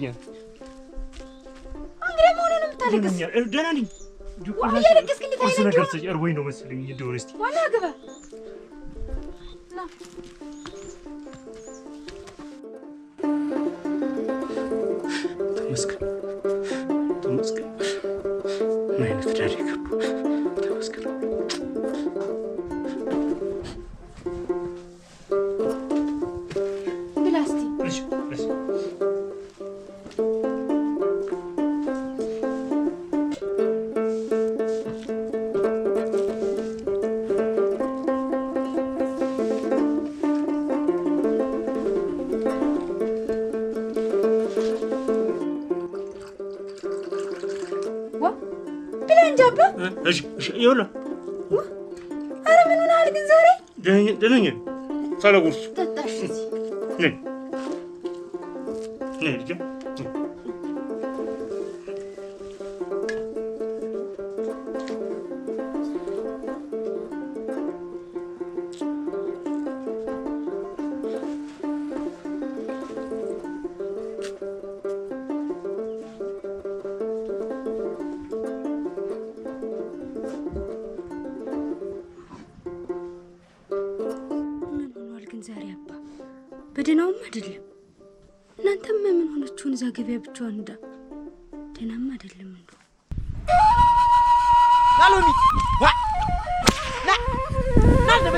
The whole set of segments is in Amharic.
ይገኛል። እንግዲህ መሆኑ ነው ደህና ነኝ። እያለቀስክ እንዴት አይለቅም? እርቦኝ ነው መሰለኝ። እንደሆነ እስኪ ዋላ ግባ ተመስገን ተመስገን። ምን አይነት ዳር የገቡ ተመስገን ሆናል። ግን ዛሬ ደነኝ ሳለቁርስ না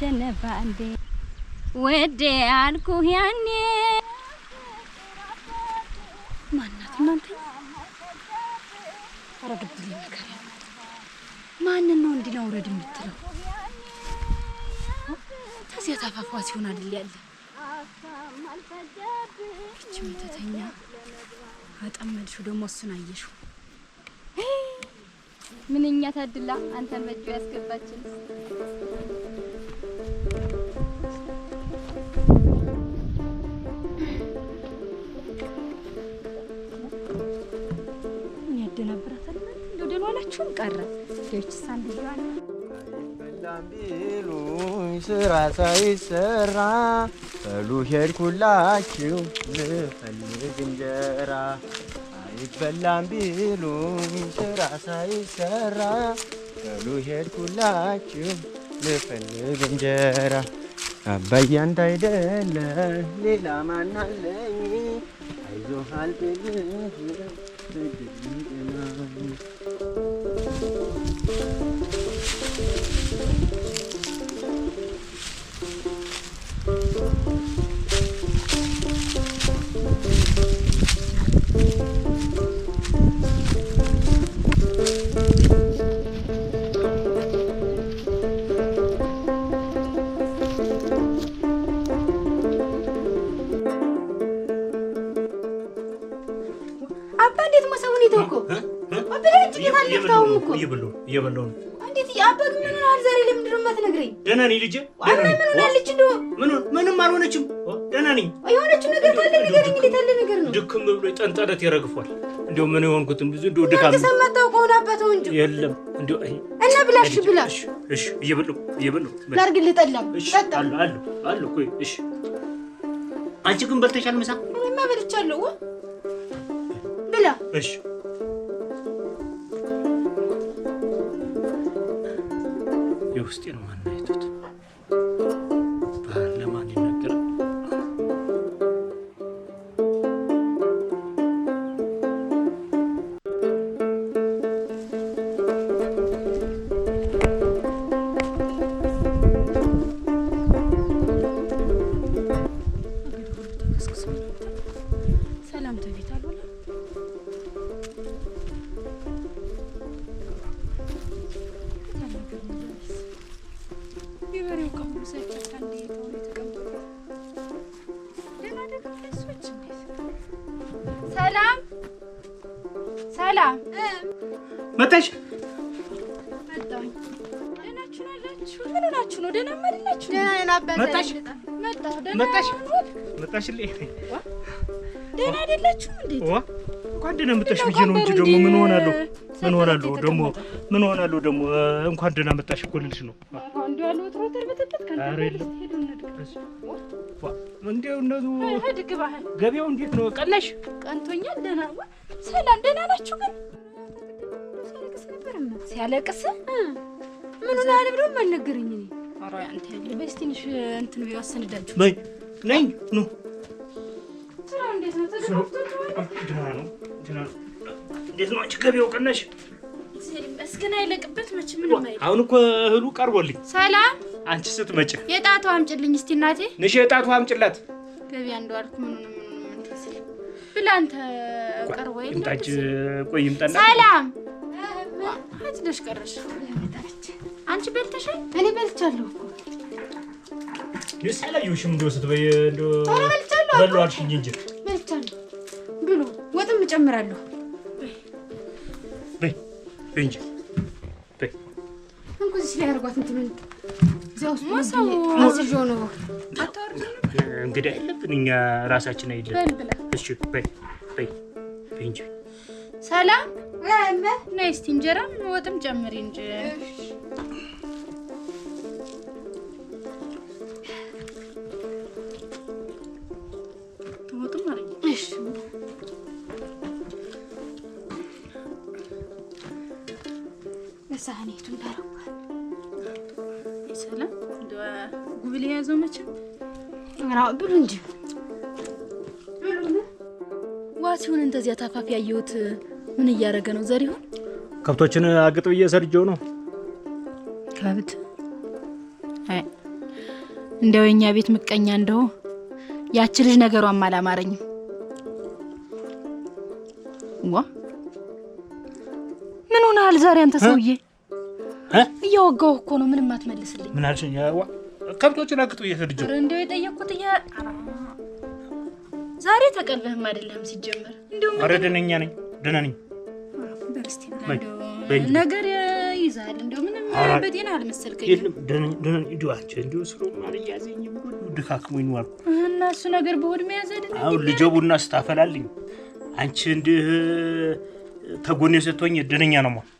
አሸነፍ ባንዴ ወዴ አልኩህ ያኔ። ማናት እናንተ? ኧረ ግብል ነገር ማንን ነው እንዲህ ላውረድ የምትለው? ተዚያ ታፋፏ ሲሆን አይደል ያለ እቺ መተተኛ አጠመድሽው፣ ደግሞ እሱን አየሽው። ምንኛ ታድላ አንተን በእጇ ያስገባችን ግማሹን ቀረ። ሌሎች ሳንዱ ብሏል። ቢሉኝ ስራ ሳይሰራ በሉ ሄድኩላችሁ ልፈልግ እንጀራ አይበላም ቢሉኝ ስራ ሳይሰራ በሉ ሄድኩላችሁ ልፈልግ እንጀራ አባዬ አንተ አይደለ ሌላ ማናለኝ ማን አለኝ? አይዞህ አልብልህ Thank you. አልበላሁም እኮ እየበላሁ እየበላሁ ነው። እንዴት አበግ ምን ሆናል ዛሬ? ለምንድን ነው የማትነግረኝ? ደህና ነኝ ልጄ። ምን ሆናለች? እንደው ምን ምንም አልሆነችም። ደህና ነኝ። የሆነችው ነገር ካለ ንገረኝ። እንዴት ያለ ነገር ነው? ድክም ብሎ ጠንጠረት ይረግፏል። እንደው ምን የሆንኩትም ብዙ እንደው ድካም ተሰማት። ታውቀው አባቱ እንጂ የለም እንደው እና ብላሽ ብላሽ። እሺ እየበላሁ እየበላሁ ላርግ ጠላም ጠጣሉ አሉ አሉ ቆይ እሺ አንቺ ግን በልተሻል ምሳ? እኔማ በልቻለሁ። ብላ እሺ 呂布のがあ አላያችሁ እንዴት እንኳን ደህና መጣሽ ብዬ ነው እንጂ ደግሞ ምን ሆናለሁ ምን ሆናለሁ ደግሞ ምን ሆናለሁ ደግሞ እንኳን ደህና መጣሽ እኮ ልልሽ ነው። እንዲያው እነቱ ገበያው እንዴት ነው? ቀናሽ? ቀንቶኛል። ደህና ሰላም፣ ደህና ናችሁ? ግን ሲያለቅስ ምን ሆናል ብሎ አልነገረኝ። በስ ትንሽ እንትን ቢወሰንዳችሁ ነኝ ነው ስራው እንዴት ነው? ደህና ነው፣ ደህና እንዴት ነው አንቺ ገበያው አይለቅበት መች አሁን እኮ እህሉ ቀርቦልኝ። ሰላም አንቺ ስትመጪ የጣቱ አምጭልኝ እስቲ እናቴ። ንሽ የጣቱ አምጭላት። ገበያ እንደው አልኩ ብላ አንተ ቀርቦ የለም እንጂ ቆይ ሰላም አንቺ ደሽ ቀረሽ። አንቺ በልተሻል? እኔ በልቻለሁ እኮ ይስ አላየሁሽም። ስትበይ እንደው እንጂ እጨምራለሁ። በይ እንጂ እንትምን ዘውስ እንግዲህ አይለብን እኛ ራሳችን አይደለም። ሰላም ነይ እስኪ እንጀራም ወጥም ጨምሪ እንጂ ብሉ እንጂ ዋ ሲሆን እንደዚያ ታፋፊ ያየሁት ምን እያደረገ ነው? ዘሪሁን ከብቶችን አግጥ ብዬ ሰርጀው ነው። ከብት እንደው የኛ ቤት ምቀኛ እንደው ያቺ ልጅ ነገሯም አላማረኝም። ዋ ምን ሆነሃል ዛሬ አንተ ሰውዬ? እያወጋሁ እኮ ነው። ምንም አትመልስልኝ። ምን አልሽኝ? ዋ ከብቶች አግጦ እየተልጅ እንደው የጠየቅኩት እያ ዛሬ ተቀልበህም አይደለም ሲጀመር። እንደውም ኧረ ደነኛ ነኝ ደህና ነኝ። ነገር ይዛል እንደው ምንም በጤና አልመሰልከኝ አልመሰልከኝም። እና እሱ ነገር በሆድ መያዝ አይደለም። አሁን ልጄ ቡና ስታፈላልኝ አንቺ እንዲህ ተጎኔ ሰቶኝ ደነኛ ነው ማለት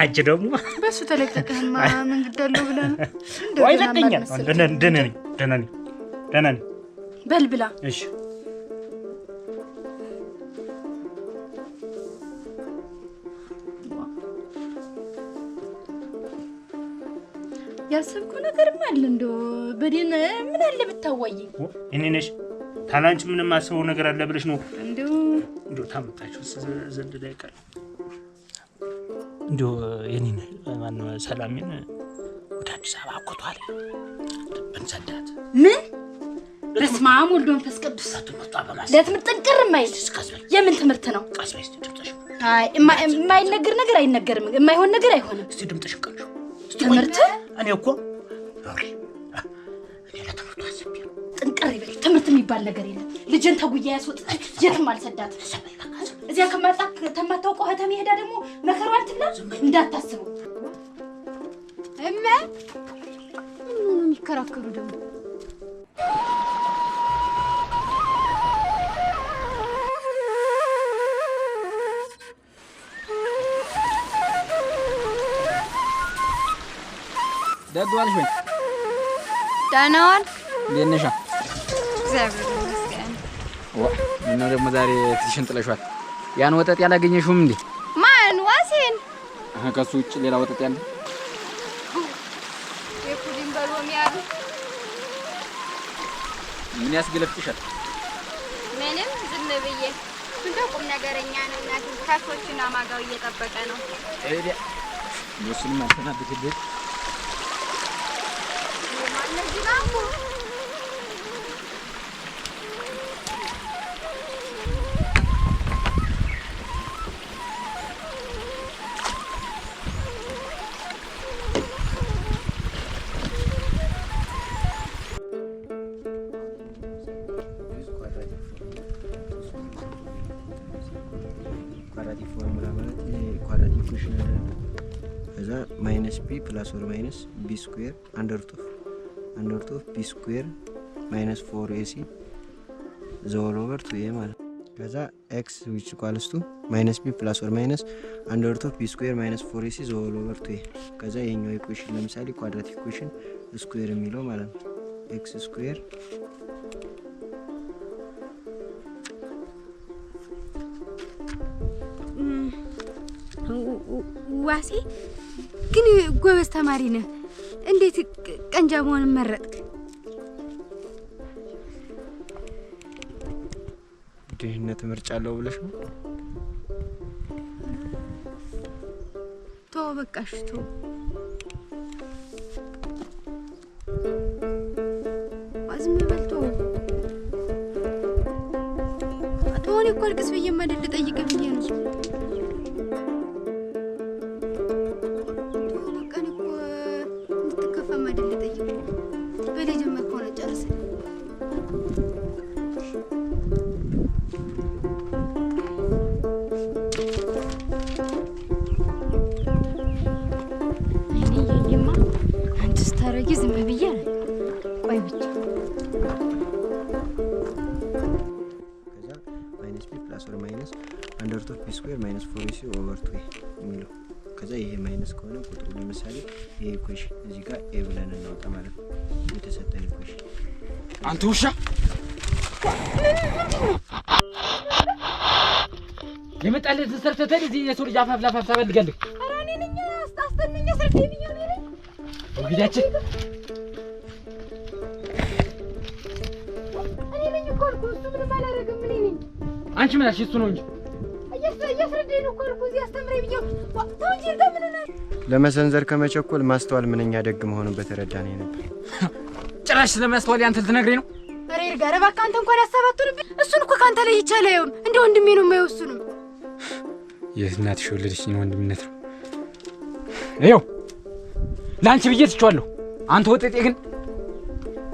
አንቺ ደግሞ በሱ ተለቅጠቀህማ ምን ግድ ብለን ወይ ለቀኛል። በል ብላ። እሺ ነገርም አለ። እንደው በደህና ምን አለ እኔ ነሽ ታላንቺ ምንም አስበው ነገር አለ ብለሽ ነው እንደው ታመጣችሁ ዘንድ ላይ ቀር እንዲሁ የኔን ማን ሰላሜን ወደ አዲስ አበባ አኮቷል። እንሰዳት ምን በስመ አብ ወልድ መንፈስ ቅዱስ ለትምህርት ጥንቅር የማይል የምን ትምህርት ነው? የማይነገር ነገር አይነገርም፣ የማይሆን ነገር አይሆንም። እስቲ ድምፅሽን ቀንሹ። ትምህርት እኔ እኮ ጥንቅር ይበል። ትምህርት የሚባል ነገር የለም። ልጅን ተጉያ ያስወጥ የትም አልሰዳት እዚያ ከማጣ ከማታውቀው ከተማ ሄዳ ደግሞ መከራ አትብላ እንዳታስቡ። እመ ምን ነው የሚከራከሩ ደግሞ ደግ ዋልሽ ወይ? ደህና እንዴት ነሽ? እግዚአብሔር ይመስገን። ምነው ደግሞ ዛሬ ፊትሽን ጥለሽዋል? ያን ወጠጥ ያላገኘሽውም እንዴ? ከሱ ውጭ ሌላ ወጠጥ ያለ የፑዲንግ በሎሚ ያሉ ምን ያስገለፍጥሻል? ምንም ዝም ብዬ እንደ ቁም ነገረኛ ነው። እናት ካሶችን አማጋው እየጠበቀ ነው። እዴ እሱንም አልተናብትልህ ካልኩሌሽን ያደረግነው ከዛ ማይነስ ቢ ፕላስ ወር ማይነስ ቢ ስኩዌር አንደርት ኦፍ ቢ ስኩዌር ማይነስ ፎር ኤሲ ዘወር ኦቨር ቱ ኤ ማለት ነው። ከዛ ኤክስ ዊች ኳልስቱ ማይነስ ቢ ፕላስ ወር ማይነስ አንደርት ቢ ስኩዌር ማይነስ ፎር ኤሲ ዘወር ኦቨር ቱ ኤ። ከዛ የኛው ኢኩዌሽን ለምሳሌ ኳድራቲክ ኢኩዌሽን ስኩዌር የሚለው ማለት ነው ኤክስ ስኩዌር ራሴ ግን ጎበዝ ተማሪ ነህ። እንዴት ቀንጃ መሆን መረጥክ? ድህነት ምርጫ አለው ብለሽ ነው? ተወው በቃሽ፣ ተወው። ዝም እኮ አልቅስ ብዬ ማደል ልጠይቅህ ብዬ ነው። ሮት ኦፍ ፒ ስኩዌር ማይነስ ፎር ሲ ኦቨር ቱ የሚለው ከዛ ይሄ ማይነስ ከሆነ ቁጥሩ ለምሳሌ ይሄ ኢኩዌሽን እዚህ ጋር ኤ ብለን እናወጣ ማለት ነው። የተሰጠን ኢኩዌሽን አንተ ውሻ የመጣልህ ተሰርተተል እዚህ የሰው ልጅ አፋፍ ላፋፍ ታበልጋለህ። እንግዳችን አንቺ ምን አልሽ? እሱ ነው እንጂ ለመሰንዘር ከመቸኮል ማስተዋል ምንኛ ደግ መሆኑን ነው ነበር። ጭራሽ ስለማስተዋል ያንተ ልትነግረኝ ነው? ኧረ ይርጋ እባክህ አንተ እንኳን ያሰባቱንብ እሱን እኮ ከአንተ ላይ ይቻለ ይሁን እንደ ወንድሜ ነው የማየው። እሱንም የእናትሽ የወለደችኝ ወንድምነት ነው። ይኸው ለአንቺ ብዬ ትቼዋለሁ። አንተ ወጤጤ ግን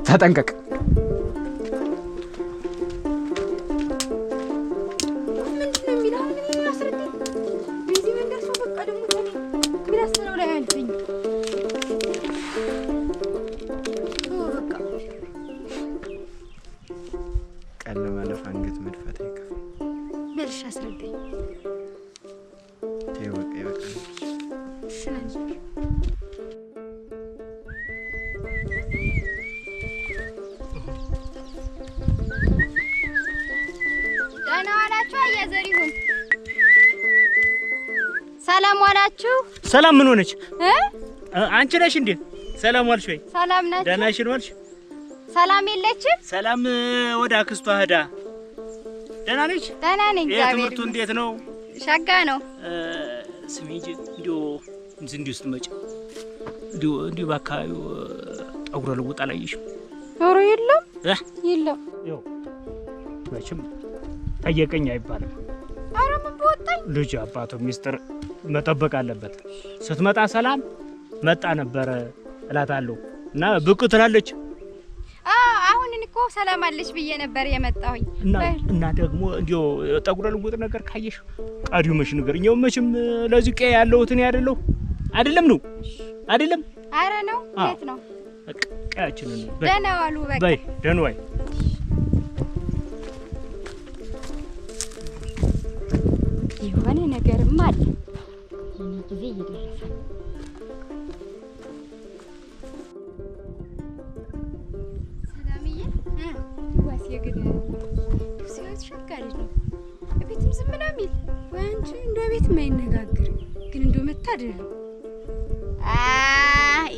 ተጠንቀቅ። ዘሪሁን ሰላም ዋላችሁ። ሰላም ምን ሆነች? አንቺ ነሽ እንዴ? ሰላም ዋልሽ ወይ? ሰላም ናችሁ? ደህና ነሽ ዋልሽ? ሰላም የለችም። ሰላም ወደ አክስቷ ሄዳ ደህና ነች? ደህና ነኝ። ትምህርቱ እንዴት ነው? ሸጋ ነው። ስሜ እንጂ እንዲሁ እንዲሁ ስትመጪ እንዲሁ እንዲሁ በአካባቢው ጠጉረ ልውጥ አላየሽም? ኧረ የለም የለም። መቼም ጠየቀኝ አይባልም። ኧረ ምን በወጣኝ ልጅ አባቱ ሚስጥር መጠበቅ አለበት። ስትመጣ ሰላም መጣ ነበረ እላታለሁ እና ብቅ ትላለች። አሁን እኮ ሰላም አለች ብዬ ነበር የመጣሁኝ። እና ደግሞ እንዲያው ጠጉረ ልውጥ ነገር ካየሽ መሽ ንገር። እኛው መቼም ለዚህ ቀ ያለሁት እኔ አይደለሁ አይደለም ነው አይደለም። አረ ነው የት ነው ቀያችንን? ደህና ዋሉ በቃ ደህና ዋይ ጊዜ እየደረሰ ነው። ሰላምዬ ዋሴ ግን ሴት ቤትም ዝም ምናምን ወይ አንቺ እንደ ቤት ግን እንደ መታደል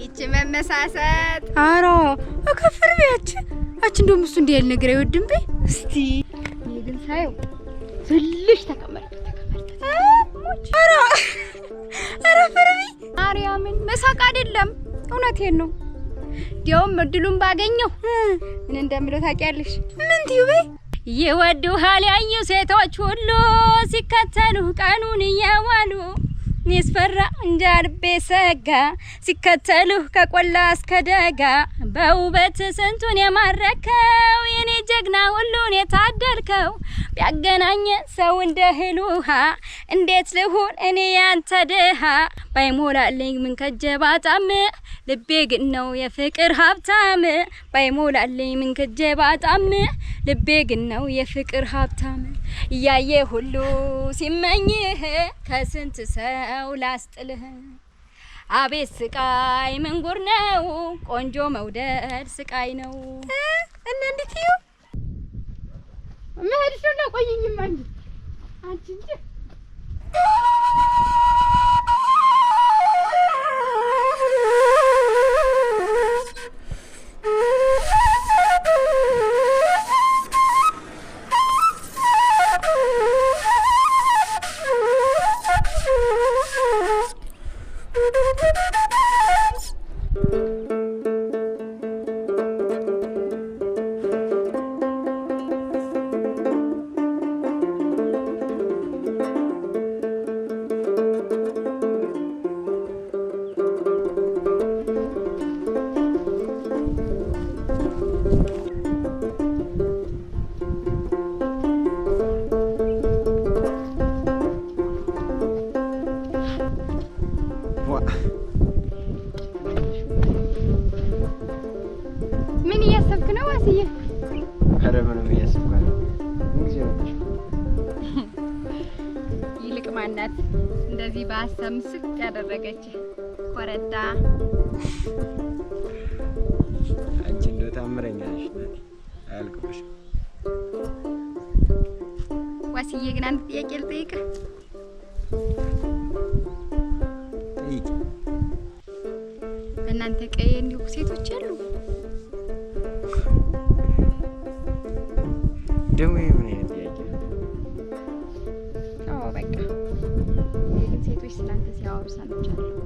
ይቺ አሮ አከፍር ነገር አይወድም። በይ እስቲ ግን ሳየው ተቀመጥኩት ወንድሞች። ኧረ ኧረ ፍርቢ ማርያምን መሳቅ አይደለም፣ እውነቴን ነው። እንዲያውም እድሉን ባገኘው ምን እንደምለው ታውቂያለሽ? ምን ትዩ በይ ይወዱሃል ያዩ ሴቶች ሁሉ ሲከተሉ ቀኑን እየዋሉ ያስፈራ እንደ ልቤ ሰጋ ሲከተሉህ ከቆላ እስከ ደጋ በውበት ስንቱን የማረከው የኔ ጀግና ሁሉን የታደልከው ቢያገናኘ ሰው እንደ እህል ውሃ እንዴት ልሁን እኔ ያንተ ድሃ ባይሞላልኝ ምን ከጀባጣም ልቤ ግን ነው የፍቅር ሀብታም ባይሞላልኝ ምን ከጀባጣም ልቤ ግን ነው የፍቅር ሀብታም እያየ ሁሉ ሲመኝህ ከስንት ሰው ላስጥልህ አቤት ስቃይ ጉር ነው ቆንጆ መውደድ ስቃይ ነው። እና እንዴት ይው መሄድሽ ነው ቆይኝም እንጂ አንቺ እንጂ ዋስዬ ግን አንድ ጥያቄ ልጠይቅ። በእናንተ ቀዬ እንዲሁ ሴቶች አሉ? ደግሞ የምን አይነት ጥያቄ? ግን ሴቶች ስላንተ ሲያወሩ ሰምቻለሁ።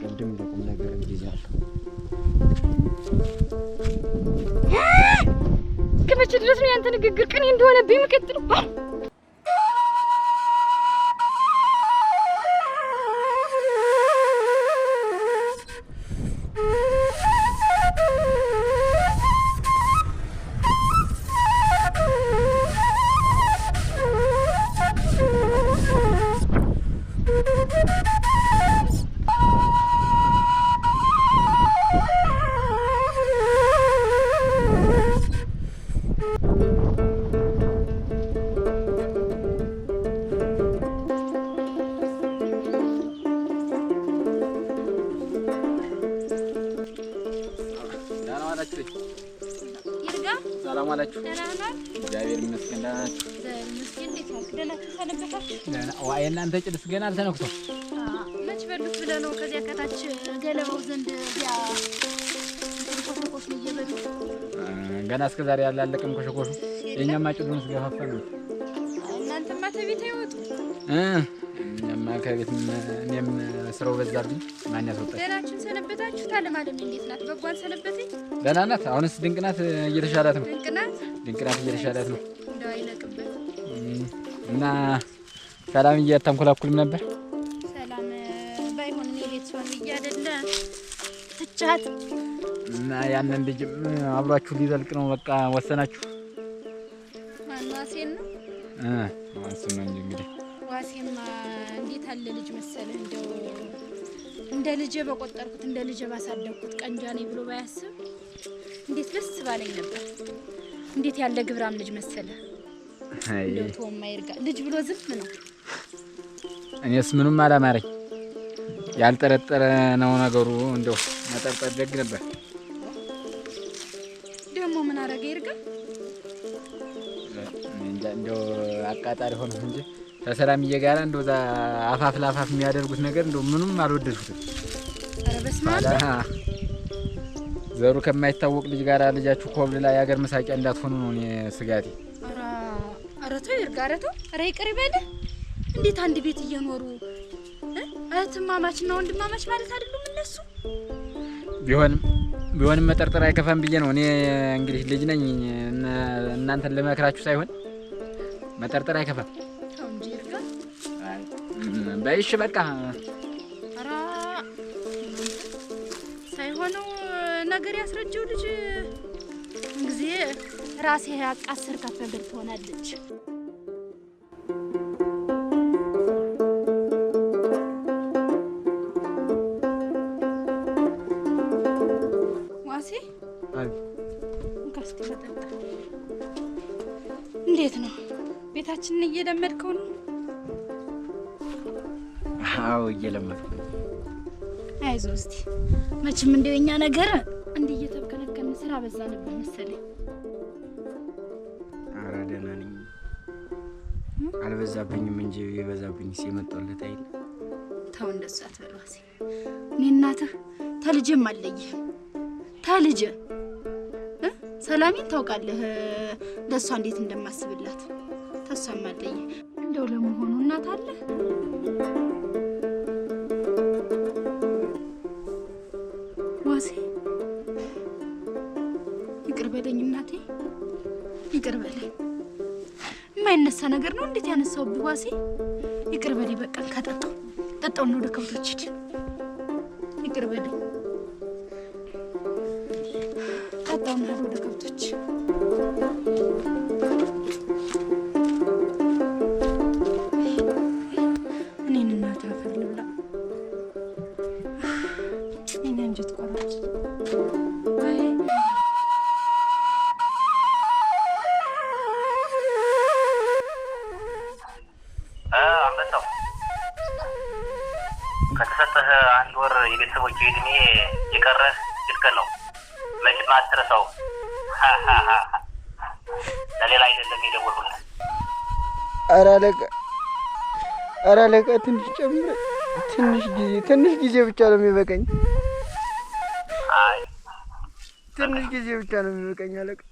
ቅድም ለቁም ነገር እንዲዛለሁ ድረስ ነው ያንተ ንግግር ቅኔ እንደሆነብኝ ምቀጥሉ ገና አልተነኩቶ መች በሉት ብለ ነው? ከዚያ ከታች ገለባው ዘንድ ኮሸኮሽ ገና እስከ ዛሬ ያላለቅም ከሸኮሹ የእኛማ ጭዱን ነው። እናንተማ ተቤት አይወጡ። እኛማ ከቤት እኔም ስራው በዛብኝ። ማን ያስወጣል? ደህናችን ሰነበታችሁ? ታለማለም እንዴት ናት? በጎ አልሰነበተኝ። ደህና ናት። አሁንስ ድንቅናት እየተሻላት ነው። ድንቅናት ድንቅናት እየተሻላት ነው። እንደው አይለቅበት እና ሰላም እያታንኮላኩልም ነበር። ሰላም ባይሆን እኔ ቤት እያደለ ትቻት እና ያንን ልጅ አብሯችሁ ሊዘልቅ ነው በቃ ወሰናችሁ። ዋሴን ነው እ ዋሴን ነው እንግዲህ ዋሴማ እንዴት አለ ልጅ መሰለ እንደው እንደ ልጄ በቆጠርኩት እንደ ልጄ ባሳደግኩት ቀንጃኔ ብሎ ባያስብ እንዴት ደስ ባለኝ ነበር። እንዴት ያለ ግብራም ልጅ መሰለ እንደው ተወው ልጅ ብሎ ዝም ነው። እኔስ ምኑም አላማረኝ። ያልጠረጠረ ነው ነገሩ። እንደው መጠርጠር ደግ ነበር። ደግሞ ምን አረገ ይርጋ? እንደው አቃጣሪ ሆነ እንጂ ከሰላምዬ ጋር እንደው እዛ አፋፍ ለአፋፍ የሚያደርጉት ነገር እንደው ምኑም አልወደድኩትም። ዘሩ ከማይታወቅ ልጅ ጋር ልጃችሁ ላይ የሀገር መሳቂያ እንዳትሆኑ ነው እኔ ስጋቴ። ኧረ ተው ይርጋ፣ ኧረ ተው፣ ኧረ ይቅር ይበልህ እንዴት አንድ ቤት እየኖሩ እህትማማች እና ወንድማማች ማለት አይደሉም እነሱ? ቢሆንም ቢሆንም መጠርጠር አይከፋም ብዬ ነው እኔ እንግዲህ ልጅ ነኝ። እናንተን ለመክራችሁ ሳይሆን መጠርጠር አይከፋም። በይሽ በቃ ሳይሆነው ነገር ያስረጀው ልጅ ጊዜ ራሴ አቃስር ካፍ ነገር ትሆናለች። ኑሯችንን እየለመድከው ነው? አዎ እየለመድኩ ነው። አይዞህ እስቲ መቼም እንደው የኛ ነገር እንዲህ እየተብከነከን ስራ በዛ ነበር መሰለኝ። ኧረ ደህና ነኝ አልበዛብኝም እንጂ የበዛብኝ ሲመጣለት አይል ተው እንደሱ አትበሏሴ። እኔ እናትህ ተልጄም አለይህም ተልጄ ሰላሜን ታውቃለህ፣ ለእሷ እንዴት እንደማስብላት ሀሳብ ማለኝ። እንደው ለመሆኑ እናት አለ? ዋሴ ይቅር በለኝ እናቴ፣ ይቅር በለኝ። የማይነሳ ነገር ነው እንዴት ያነሳው? ዋሴ? ይቅር በለኝ። በቃ ከጠጣው ጠጣው ነው ወደ ከብቶች ይቅር በለኝ። ኧረ አለቃ ትንሽ ጨምረ ትንሽ ጊዜ ትንሽ ጊዜ ብቻ ነው አይ ትንሽ ጊዜ ብቻ ነው የሚበቀኝ አለቃ።